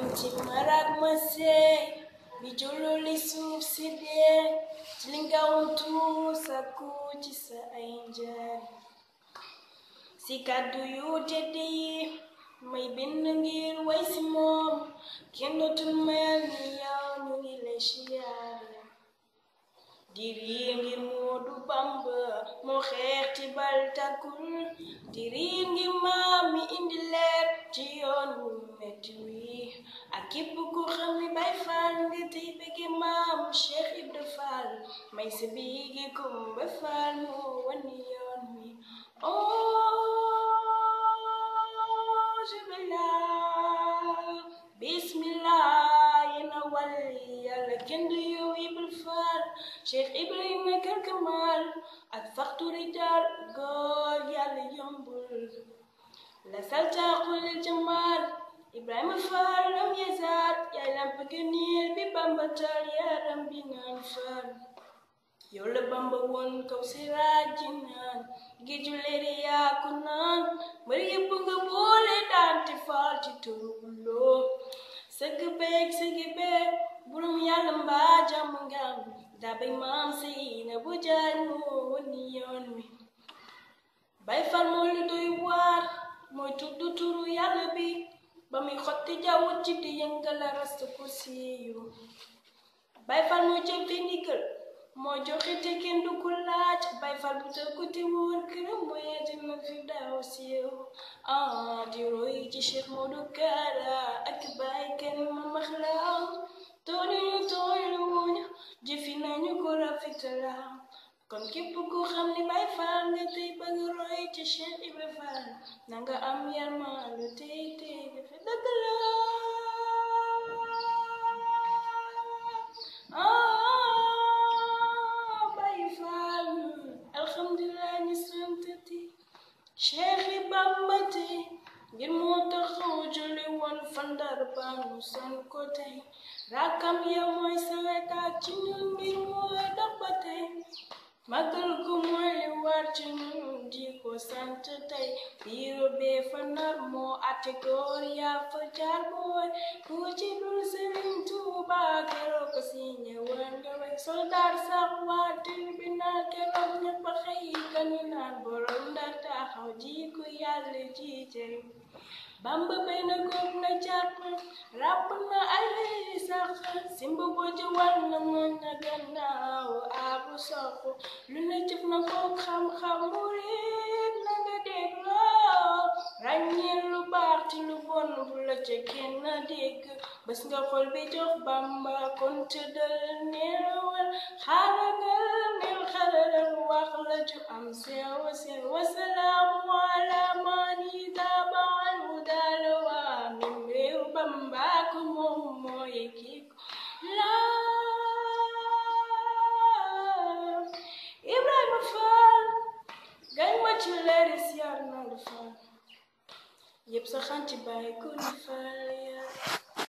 jëm ci maraag ma seey mi jolo suuf si dee ci li nga ci sa ay njaay si kàddu yu tedd yi may bind ngir way si moom kenn dootul mel ni yow ñu ngi lay siyaare dir yi ngir Bamba moo xeex ci bal takkul dir yi ngir maam mi indi leer ci yoon wu metti wi képp ku xam ni Baay Faal nga tey bëgg maam Cheikh Ibra Faal may sa biigi Kumba Faal moo wani yoon wi auzu billah bismillah na wàlli yàlla kenn du yow Ibra Faal Cheikh Ibrahima kal kamal ak faxtu rijaal góor yàlla yombul la salta qul jamal Ibrahima Faal Bamba gëneel bi Bamba taal yaram bi naan la Bamba woon kaw siraat ji gi ju leeri yaa ko naan mbër yëpp boole daan te faal turu loo sëgg beeg sëgg beeg burum yàlla mbaa jàmm nga am daabay maam Seyna bu jaar moo woon yoon wi bay fal moo doy waar mooy tudd turu yàlla bi ba muy xotti jawwu ci di yëngal a rast kursi yu bay fal moo jëfe ndigal moo joxe te kenn du ko laaj bay fal bu tëkku te wóor këram mooy àddina fi daaw si yow ah di roy ci Cheikh Modou Kara ak bay kenn ma max laaw tooñu ñu tooñu wuñu jëfi nañu ko rafetalaaw kon képp ku xam ni bay faal nga tey bëgg roy ci Cheikh Ibra Fall na nga am yar ma lu tey Cheikhi Bamba tey ngir moo taxaw jëli woon fandar ba nu seen ko tey rakkam ya mooy sawetaat ci ñun ngir mooy dox ba war ci ñun ko sant tey biiro bee fandar moo ati góor yaa fa jaar booy ku ci dul Tuuba keroog si ñëwoon nga wey soldaar sax waa tribunal keroog ñëpp xëy ka ni naan borom taxaw ko yàlla jiite bamba bay na góob na jàpp ràpp na ay sax simba bojo war na mën na gannaaw abu lu ne jëf na kook xam-xam murit na nga dégloo ràññil lu baax lu bon bu la ca kenn dégg bés nga xol bi jox bamba kon tëddal neewal الصلاة أمسي وسر وسلام على من تبع الهدى لوامن بمباكم ومويكيك لا إبراهيم فال gañ ma ci leer si yàlla na la faal yëpp sa xanti bàyyi ku ni faal yàlla